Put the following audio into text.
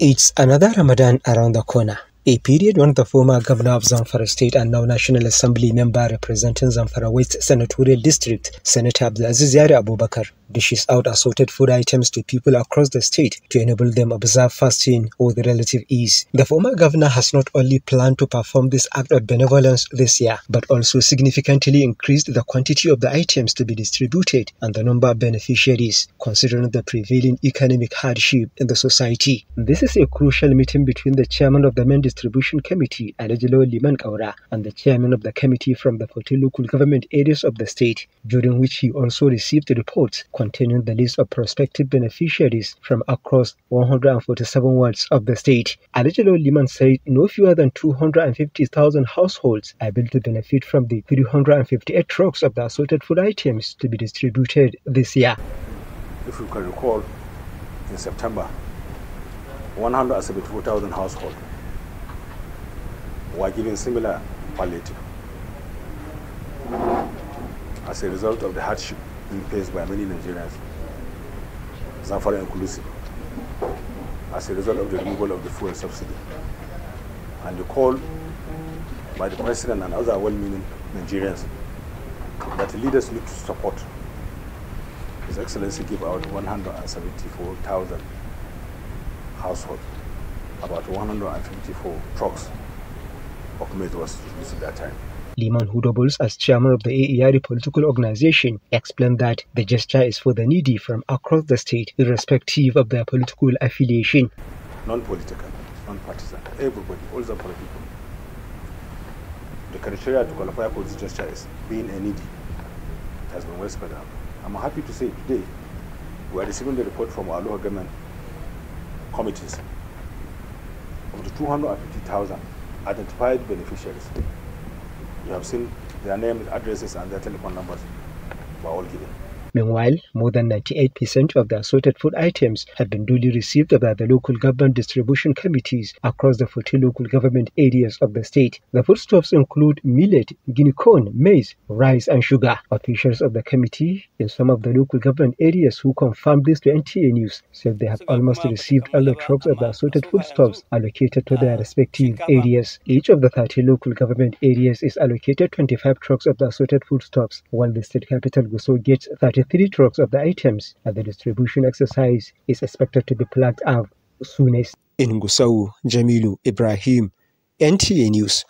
It's another Ramadan around the corner. A period when the former governor of Zamfara State and now National Assembly member representing Zamfara West Senatorial District, Senator Abdulaziz Yari Abubakar, dishes out assorted food items to people across the state to enable them observe fasting with relative ease. The former governor has not only planned to perform this act of benevolence this year, but also significantly increased the quantity of the items to be distributed and the number of beneficiaries, considering the prevailing economic hardship in the society. This is a crucial meeting between the chairman of the Mendes Distribution Committee, liman kaura, and the chairman of the committee from the 40 local government areas of the state, during which he also received reports containing the list of prospective beneficiaries from across 147 wards of the state. Adejiloe Liman said no fewer than 250,000 households are able to benefit from the 358 trucks of the assorted food items to be distributed this year. If you can recall, in September, 174,000 households were given similar palliative as a result of the hardship being faced by many Nigerians, Zamfara inclusive, as a result of the removal of the fuel subsidy and the call by the president and other well-meaning Nigerians that leaders need to support. His Excellency gave out 174,000 households, about 154 trucks Okumet was released at that time. Liman, who doubles as chairman of the AERI political organization, explained that the gesture is for the needy from across the state, irrespective of their political affiliation. Non political, non partisan, everybody, all the people. The criteria to qualify for this gesture is being a needy. It has been well spread out. I'm happy to say today we are receiving the report from our local government committees. Of the 250,000 identified beneficiaries. You have seen their names, addresses, and their telephone numbers were all given. Meanwhile, more than 98% of the assorted food items have been duly received by the local government distribution committees across the 40 local government areas of the state. The foodstuffs include millet, guinea corn, maize, rice, and sugar. Officials of the committee in some of the local government areas who confirmed this to NTA News said they have almost received all the trucks of the assorted foodstuffs allocated to their uh, respective areas. Each of the 30 local government areas is allocated 25 trucks of the assorted foodstuffs, while the state capital Gusau gets 30 the three trucks of the items at the distribution exercise is expected to be plugged up soonest. In Gusau, Jamilu Ibrahim, NTA News.